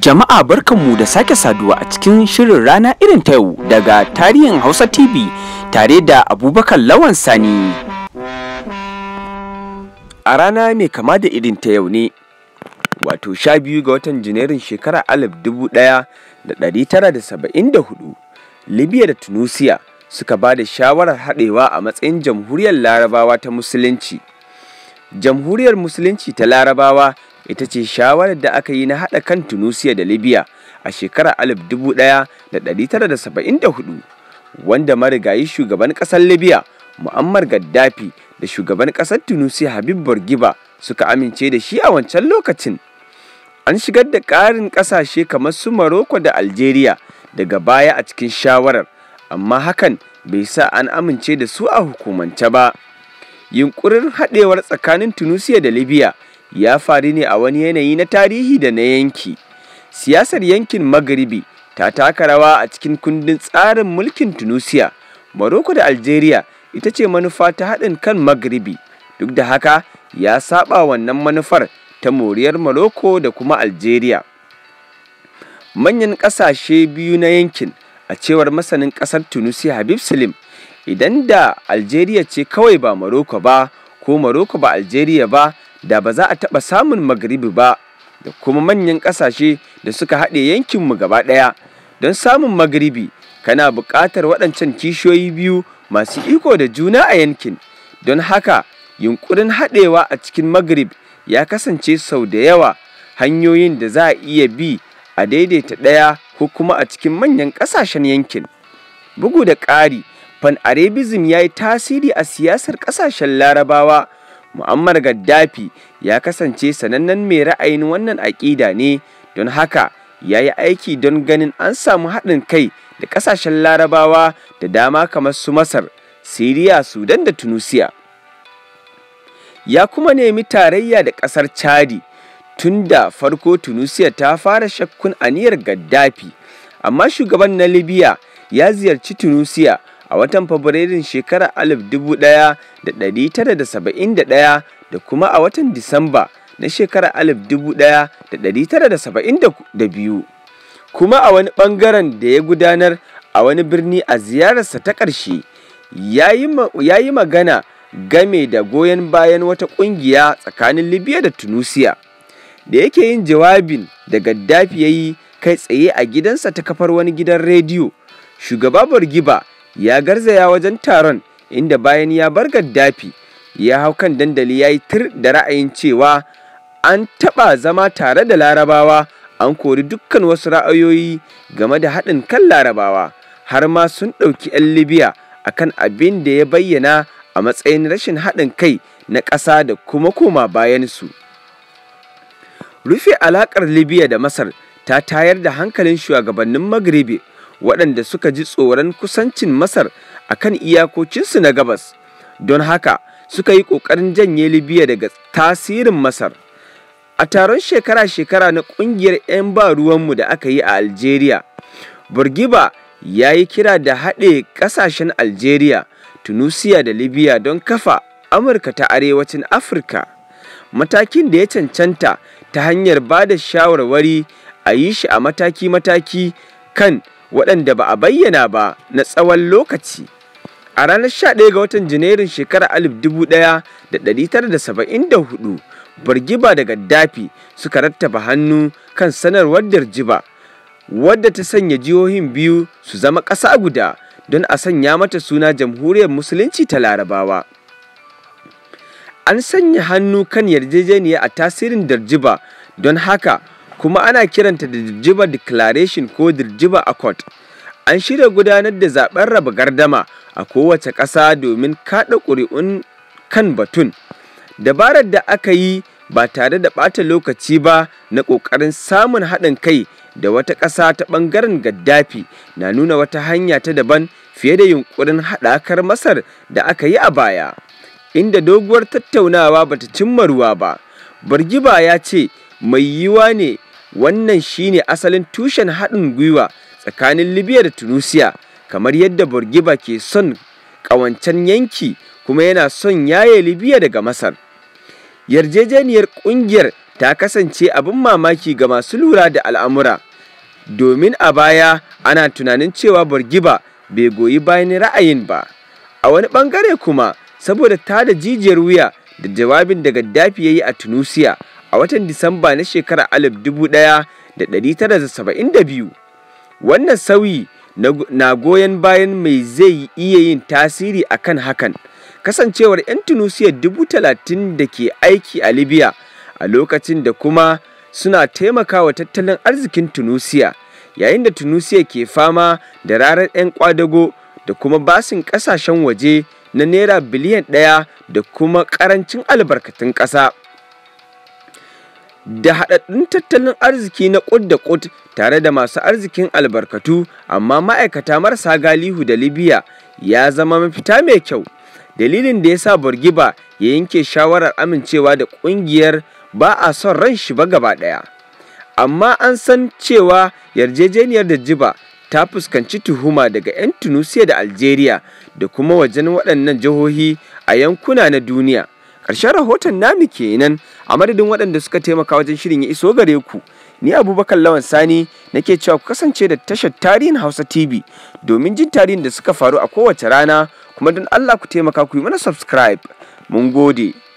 Jama'a barkanmu da sake saduwa a cikin shirin rana irin ta yau daga tarihin Hausa TV tare da Abubakar Lawan Sani. A rana mai kama da irin ta yau ne, wato sha biyu ga watan Janairun shekara alif dubu ɗaya da ɗari tara da saba'in da hudu, Libya da Tunusiya suka ba da shawarar haɗewa a matsayin jamhuriyar Larabawa ta Musulunci. jamhuriyar musulunci ta larabawa ita ce shawarar da aka yi na haɗa kan tunisia da libya a shekarar 1974 wanda marigayi shugaban ƙasar libya mu'ammar gaddafi da shugaban ƙasar tunisia habib bourguiba suka amince da shi a wancan lokacin an shigar da ƙarin ƙasashe kamar su Maroko da Algeria daga baya a cikin shawarar, amma hakan bai sa an amince da su a hukumance ba. yunkurin haɗewar tsakanin tunisia da libya ya faru ne a wani yanayi na tarihi da na yanki siyasar yankin magharibi ta taka rawa a cikin kundin tsarin mulkin tunisia morocco da algeria ita ce manufa ta haɗin kan magharibi duk da haka ya saba wannan manufar ta moriyar morocco da kuma algeria manyan ƙasashe biyu na yankin a cewar masanin ƙasar tunisia habib salim idan da algeria ce kawai ba maroko ba ko maroko ba algeria ba da ba za a taɓa samun magribi ba da kuma manyan ƙasashe da suka haɗe yankinmu gaba ɗaya don samun magribi kana buƙatar waɗancan kishiyoyi biyu masu iko da juna a yankin don haka yunkurin haɗewa a cikin magrib ya kasance sau da yawa hanyoyin da za a iya bi a daidaita ɗaya ko kuma a cikin manyan ƙasashen yankin bugu da ƙari pan-arabism ya yi tasiri a siyasar kasashen larabawa mu'ammar gaddafi ya kasance sanannen mai ra'ayin wannan aƙida ne don haka ya yi aiki don ganin an samu haɗin kai da ƙasashen larabawa da dama kamar su masar siriya sudan da tunisia ya kuma nemi tarayya da ƙasar chadi tun da farko tunisia ta fara shakkun aniyar gaddafi amma shugaban na libya ya ziyarci tunisia a watan Fabrairun shekarar 1971 da kuma a watan Disamba na shekarar biyu. kuma a wani bangaren da ya gudanar a wani birni a ziyararsa ta ƙarshe ya yi magana game da goyon bayan wata ƙungiya tsakanin libya da tunisia da yake yin jawabin da gaddafi ya yi kai tsaye a gidansa ta kafar wani gidan rediyo shugaba Bargiba ya garzaya wajen taron inda bayan ya bar gaddafi ya hau kan dandali ya yi tir da ra'ayin cewa an taɓa zama tare da larabawa an kori dukkan wasu ra'ayoyi game da haɗin kan larabawa har ma sun ɗauki 'yan libya a kan abin da ya bayyana a matsayin rashin haɗin kai na ƙasa da kuma koma bayansu rufe alaƙar libya da masar ta tayar da hankalin shugabannin magribi waɗanda suka ji tsoron kusancin Masar a kan iyakocinsu na gabas, don haka suka yi ƙoƙarin janye Libya daga tasirin Masar. A taron shekara-shekara na ƙungiyar 'yan ba ruwanmu da aka yi a Algeria, Burgiba ya yi kira da haɗe ƙasashen Algeria, Tunusia da Libya don kafa Amurka ta Arewacin Afirka. Matakin da ya cancanta ta hanyar ba da shawarwari a yi shi a mataki-mataki kan waɗanda ba a bayyana ba na tsawon lokaci. A ranar 11 ga watan Janairun shekarar 1974, Bargiba da Gaddafi suka rattaba hannu kan sanarwar Darjiba, wadda ta sanya jihohin biyu su zama ƙasa guda don a sanya mata suna Jamhuriyar Musulunci ta Larabawa. An sanya hannu kan yarjejeniya a tasirin Darjiba don haka kuma ana kiranta da Dirjiba Declaration ko Dirjiba Accord. An shirya gudanar da zaben raba gardama a kowace ƙasa domin kaɗa ƙuri'un kan batun. Dabarar da aka yi ba tare da ɓata lokaci ba na ƙoƙarin samun haɗin kai da wata ƙasa ta ɓangaren gaddafi na nuna wata hanya ta daban fiye da yunƙurin haɗakar masar da aka yi a baya inda doguwar tattaunawa bata cimma ruwa ba bargiba ya ce mai yiwa ne wannan shine asalin tushen haɗin gwiwa tsakanin libya da tunisia kamar yadda burgiba ke son ƙawancen yanki kuma yana son yaye libya daga masar yarjejeniyar ƙungiyar ta kasance abin mamaki ga masu lura da al'amura domin a baya ana tunanin cewa burgiba bai goyi bayan ra'ayin ba a wani ɓangare kuma saboda ta da jijiyar wuya da jawabin da gaddafi ya yi a tunisia a watan Disamba na shekarar alif ɗaya da 1972. Wannan sauyi na goyon bayan mai zai iya yin tasiri a kan hakan. Kasancewar 'yan tunisiya dubu talatin da ke aiki a Libya a lokacin da kuma suna taimakawa tattalin arzikin Tunusiya yayin da Tunusiya ke fama da rarar 'yan kwadago da kuma basin kasashen waje na naira biliyan ɗaya da kuma ƙarancin albarkatun ƙasa. da haɗaɗɗun tattalin arziki na ƙud da ƙud tare da masu arzikin albarkatu amma ma'aikata marasa galihu da libya ya zama mafita mai kyau dalilin da ya sa burgiba ya yanke shawarar amincewa da ƙungiyar ba a son ran shi ba gaba ɗaya amma an san cewa yarjejeniyar da jiba ta fuskanci tuhuma daga 'yan tunisia da algeria da kuma wajen waɗannan jihohi a yankuna na duniya karshen rahoton namu kenan a madadin waɗanda suka taimaka wajen shirin ya iso gare ku ni abubakar lawan sani nake cewa ku kasance da tashar tarihin hausa tv domin jin tarihin da suka faru a kowace rana kuma don allah ku taimaka ku yi mana subscribe mun gode